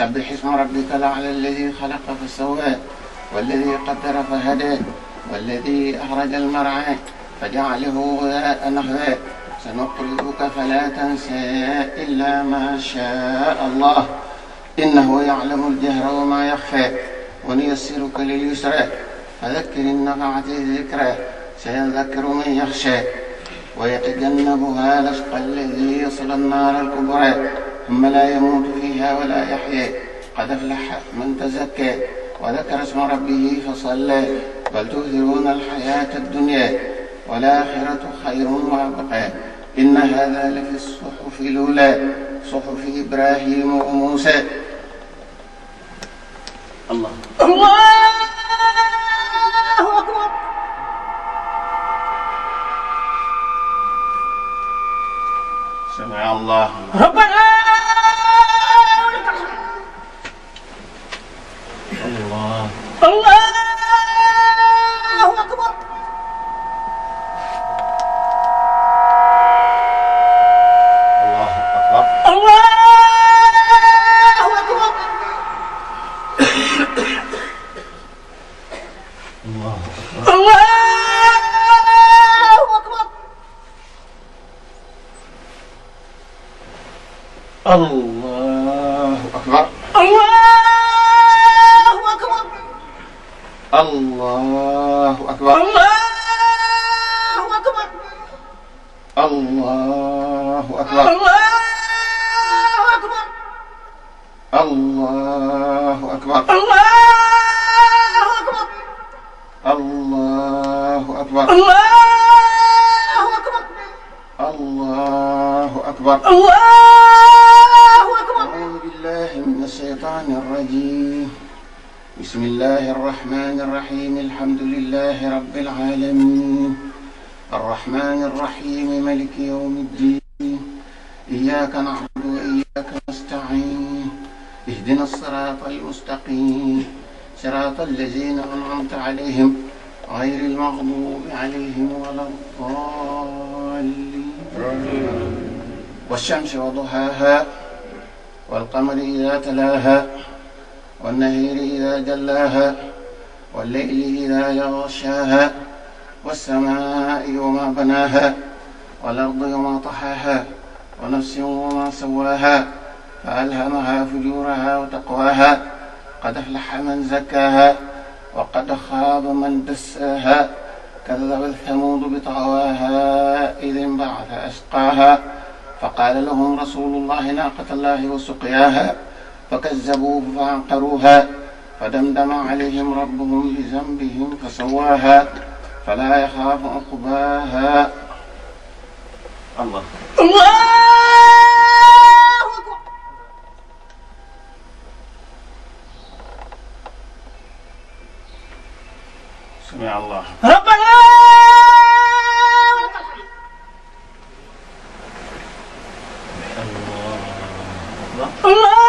سبح اسم ربك الأعلى الذي خلق فسوى والذي قدر فهدى والذي أخرج المرعى فجعله غثاء نحوه سنقرئك فلا تنسى إلا ما شاء الله إنه يعلم الجهر وما يخفى ونيسرك لليسرى فذكر النفعة ذكرى سيذكر من يخشى ويتجنبها الأشقى الذي يصل النار الكبرى ثم لا يموت يمسيها ولا يحيى قد افلح من تزكى وذكر اسم ربه فصلى بل تؤثرون الحياة الدنيا والآخرة خير وأبقى إن هذا لفي الصحف الأولى صحف إبراهيم وموسى الله الله أكبر سمع الله رب Allah العالمين الرحمن الرحيم ملك يوم الدين إياك نعبد وإياك نستعين اهدنا الصراط المستقيم صراط الذين أنعمت عليهم غير المغضوب عليهم ولا الضالين والشمس وضحاها والقمر إذا تلاها والنهير إذا جلاها والليل إذا يغشاها والسماء وما بناها والأرض وما طحاها ونفس وما سواها فألهمها فجورها وتقواها قد أفلح من زكاها وقد خاب من دساها كذبت ثمود بطغواها إذ انبعث أشقاها فقال لهم رسول الله ناقة الله وسقياها فكذبوه فعقروها فدمدم عليهم ربهم بذنبهم فسواها فلا يخاف عقباها الله الله سمع الله ربنا الله الله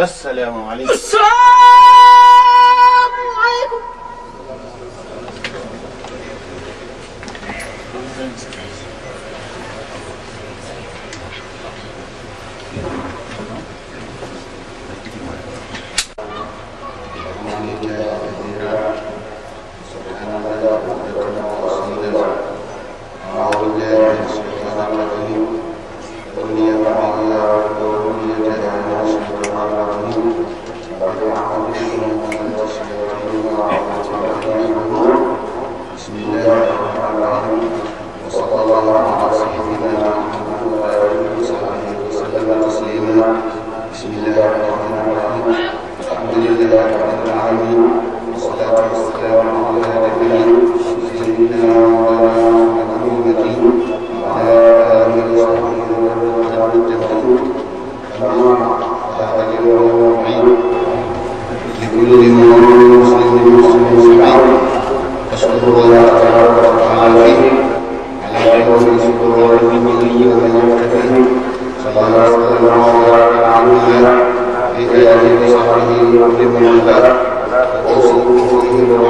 asalaamaaleykum asalaamaaleykum.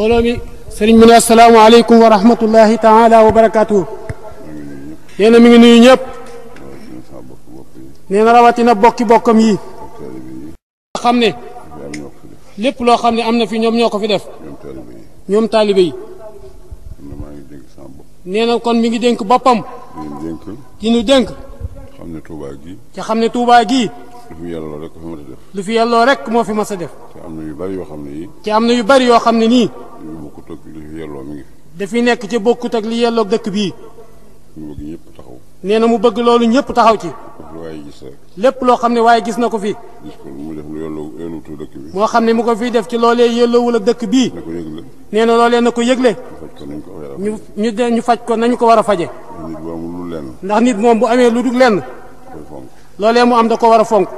mbooloo mi sëriñ ne asalaamaaleykum wa rahmatullahi taala wa barakaatu nee na mi ngi nuyu ñëpp nee na rawatina bokki bokkam yi xam ne lépp loo xam ne am na fi ñoom ñoo ko fi def ñoom taalibe yi nee na kon mi ngi dénk boppam di nu dénk xam ne Touba gii. xam ne Touba gii. lu fi yàlloo rek moo fi mës a def. lu am na yu bari yoo xam ne yii. ci am na yu bari yoo xam ne nii. lu bokkut ak dafi nekk ci bokkut ak li yelloo dëkk bii. mu bëgg ñëpp taxaw. nee na mu bëgg loolu ñëpp taxaw ci. lépp loo xam ne waaye gis na ko fi. moo xam ne mu ko fiy def ci loolee yelloowul ak dëkk bii. na ko yëgle. nee loolee na ko yëgle. ñu ñu ñu faj ko nañu ko war a faje ndax nit moom bu amee lu dul lenn. loolee mu am da ko war a fonk.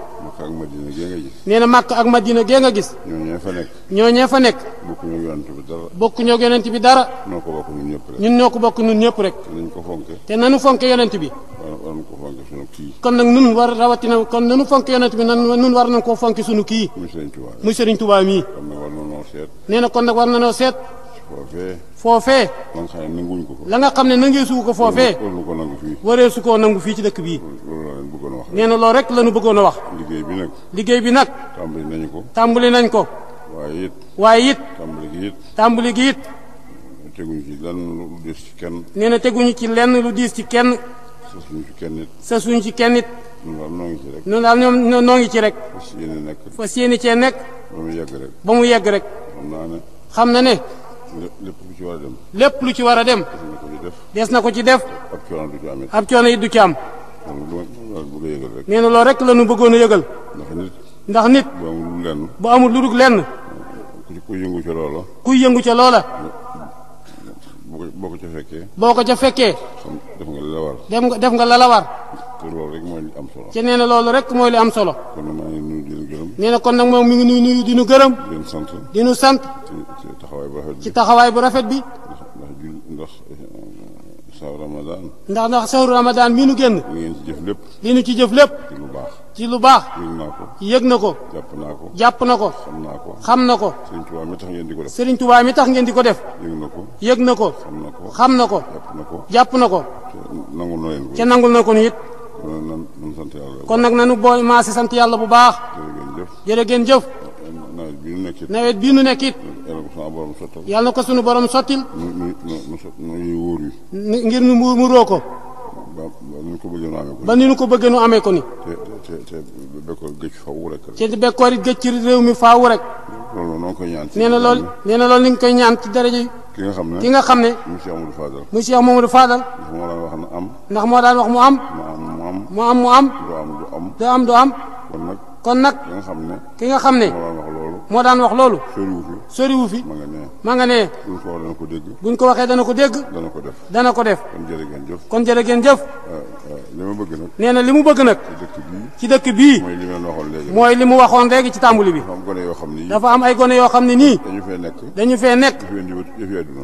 nee na màkk ak madina gee nga gis. ñooñee fa nekk. ñooñee fa nekk. dara. bokkuñoo ak yonent bi dara. ñoo ko bokk ñun ñëpp rek. ñun ñoo ko bokk ñëpp rek. te ko fonke. te nanu fonke yonent bi. waroon ko fonke sunu kii. kon rawatina kon nanu fonk yonent bi nan nun war nañ koo fonke sunu kii. muy Serigne Touba mii muy Serigne Touba mii. kon nag war seet. nee na kon nag war nañoo seet. foofee. foofee. la nga xam ne nanguwuñ ko ko. la nga xam ne nangee su ko foofee. warul ko nangu fii. koo nangu fii ci dëkk bii. nee na loolu rek la ñu bëggoon a wax. liggéey bi nag. liggéey bi nag. tàmbali nañ ko. tàmbali nañ ko. waaye it. gi it. tàmbali gi it. teguñu ci lenn lu diis ci kenn. nee teguñu ci lenn lu diis ci kenn. sasuñu ci kenn it. sasuñu ci kenn it. noonu daal ngi ci rek. noonu daal ñoom nekk. cee nekk. ba mu yegg rek. ba mu yegg rek. xam na ne. lépp lu ci war dem. lépp lu ci war a dem. des na ko ci def. ab coono du ci am ab coono it du ci am. nee rek la ñu bëggoon a yëgal. ndax nit. bu amul lu lenn. lenn. ku yëngu ca loola. ku yëngu ca loola. boo ko ca fekkee. boo ko ca fekkee. def nga la def nga def nga la la loolu rek mooy li am solo. ci nee loolu rek mooy li am solo. kon na kon nag moom mu ngi nuyu nu gërëm. di nu sant. di sant. ci taxawaay bu rafet bi ci taxawaay ndax eh, sawru Ramadan. ndax ndax sawru Ramadan mi nu génn. li ngeen ci jëf lépp. li ci jëf lépp. ci lu baax. yëg na ko. yëg na ko. jàpp na ko. xam na ko. mi tax ngeen di ko def. Serigne Touba mi tax ngeen di ko def. yëg na ko. yëg ko. xam na ko xam na ko. jàpp na ko jàpp na ko. te nangul na leen ko. te nangul na ko nii kon nag nanu boo sant yàlla bu baax. jërë ngeen jëf. nawet bii nu nekk it. na ko sunu borom sottil. ngir nu mu muroo ko. ba ni ñu ko bëggee nu amee ko. bëggee nu amee ko ni. te te te bekkoor géej faawu rek. te bekkoor géej ci réew mi faawu rek. koy ñaan nee na lool na loolu ni nga koy ñaan ci daraja ki nga xam ne ki nga xam ne mu Cheikh Mamadou Fadal mu Cheikh Mamadou Fadal ndax moo daan wax na am ndax moo daan wax mu am mu am mu am mu am du am du am du am du am kon nag kon nag ki nga xam ne ki nga xam ne moo daan wax loolu soriwu fi ma nga nee ma nee buñ ko waxee dana ko dégg buñ ko waxee dana ko dégg ko def dana ko def kon jërë ngeen jëf kon jërë ngeen jëf euh, euh, li bëgg nag nee na li bëgg nag ci dëkk bii. mooy li ma waxoon léegi. mooy li mu waxoon léegi ci tàmbali bi. dafa am ay gone yoo xam ne nii. dañu fee nekk. dañu fee nekk.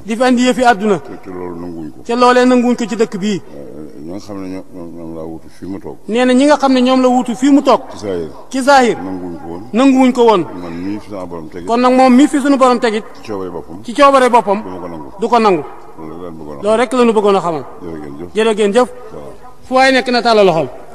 di fi andi yëfi àdduna. te loolu nanguwuñ ko. te ko ci dëkk bii. ñi nga xam ne ñoom la wuutu fii mu toog. nee na ñi nga xam ne ñoom la wuutu fii mu toog. ci Zahir. ci Zahir. nanguwuñ ko woon. nanguwuñ ko woon. man mii fi sama borom kon nag moom mii fi suñu borom tegit. ci coobare boppam. ci coobare boppam. du ko nangu. loolu rek la ñu bëggoon a xamal. jërë ngeen jëf jërë ngeen jëf. fu waay nekk na tàllal loxoom.